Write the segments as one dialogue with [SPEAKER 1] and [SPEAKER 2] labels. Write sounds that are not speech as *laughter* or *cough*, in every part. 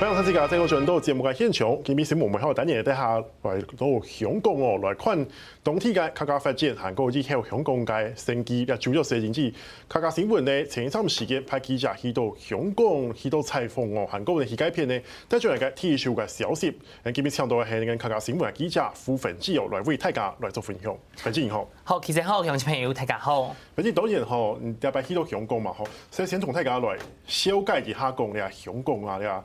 [SPEAKER 1] 歡迎參加這個眾多節目現場，今日小我咪開嚟等住底下嚟到香港哦、喔，來看冬天界客家發展，韓國之巧香港界升級，又注入新元素。客家新聞呢前一啲時間拍記者去到香港，去到採訪哦，韓國嘅世界片呢，得到一個天朝嘅消息，今日請到嘅係個客家新聞嘅記者胡吰誌友、喔、來為大家來做分享，粉絲銀行好，其實好，鄉親朋友大家好，粉絲當然好、喔，特別去到香港嘛，所首先從大家來，了解一下講下香港啊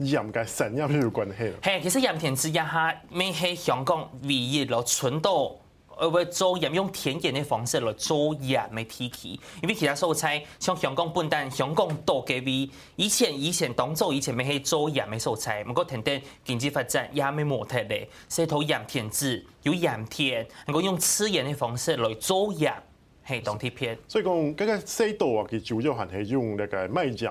[SPEAKER 1] 鹽家三樣就關起咯。嘿，其實鹽田梓
[SPEAKER 2] 一下，免喺香港唯一咯，純到呃做鹽用天然的方式來做鹽的地區，因為其他蔬菜像香港本地、香港多嘅味，以前以前當初以前免喺做鹽的蔬菜，唔過肯定經濟發展也免莫得咧，所以講鹽田梓有鹽田，能夠用天然的方式來做
[SPEAKER 1] 鹽。嘿，當天片。所以講，這個西島啊，其實主要還是用那個麥鹽。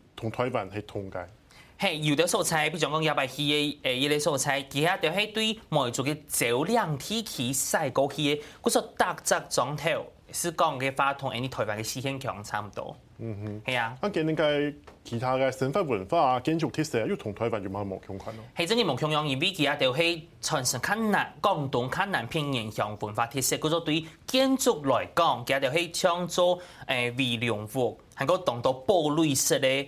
[SPEAKER 1] 同台灣係同
[SPEAKER 2] 界，係有啲素材，比如講一百起嘅誒一類素材，其他就係對外族嘅酒量天氣勢高啲嘅嗰種特質狀態，是講嘅話同誒你台灣嘅先天強差唔多，
[SPEAKER 1] 係、嗯、啊。咁點你講其他嘅生活文化啊、建築特色啊，因為同台灣有冇共鳴咯？
[SPEAKER 2] 係真係冇共鳴，因為佢啊就係從山南、廣東、山南邊影響文化特色，嗰種對於建築嚟講，其他就係、是、叫、呃、做誒、呃、微量服，係個棟到布類式嘅。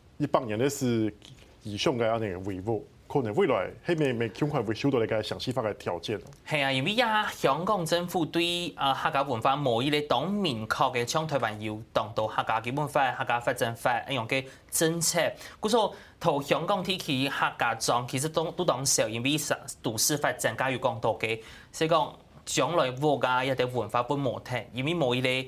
[SPEAKER 1] 一八年的是以香港安尼個為伍，可能未來黑面未盡快會收到一個詳細化個條件咯。
[SPEAKER 2] 係啊， *music* 因為呀，香港政府對啊客家文化某一咧當明確嘅像台灣有，同到客家基本法、客家發展法一樣嘅政策。佢所桃香港天氣客家莊其實都都當少，因為實都市發展加入廣東嘅，所以講將來國家一哋文化本無體，因為某一咧。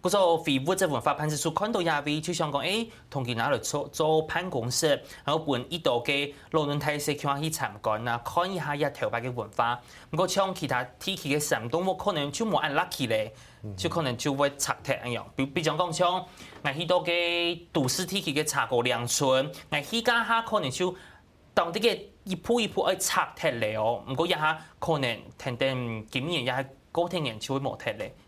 [SPEAKER 2] 嗰個非物質文化，辦事處看到也會就想講誒，同佢拿嚟做做辦公室，然後撥一多嘅老人睇下，叫佢去參觀啊，看一下依一條白嘅文化。唔過像其他地區嘅神，都冇可能就冇按 lucky 咧，就可能就會拆掉一樣。比比講講像嗌起多嘅都市地區嘅茶果嶺村嗌起家下可能就當地嘅一鋪一鋪誒拆掉了哦。唔過家下可能停停今年，家下過天年就會冇拆咧。天天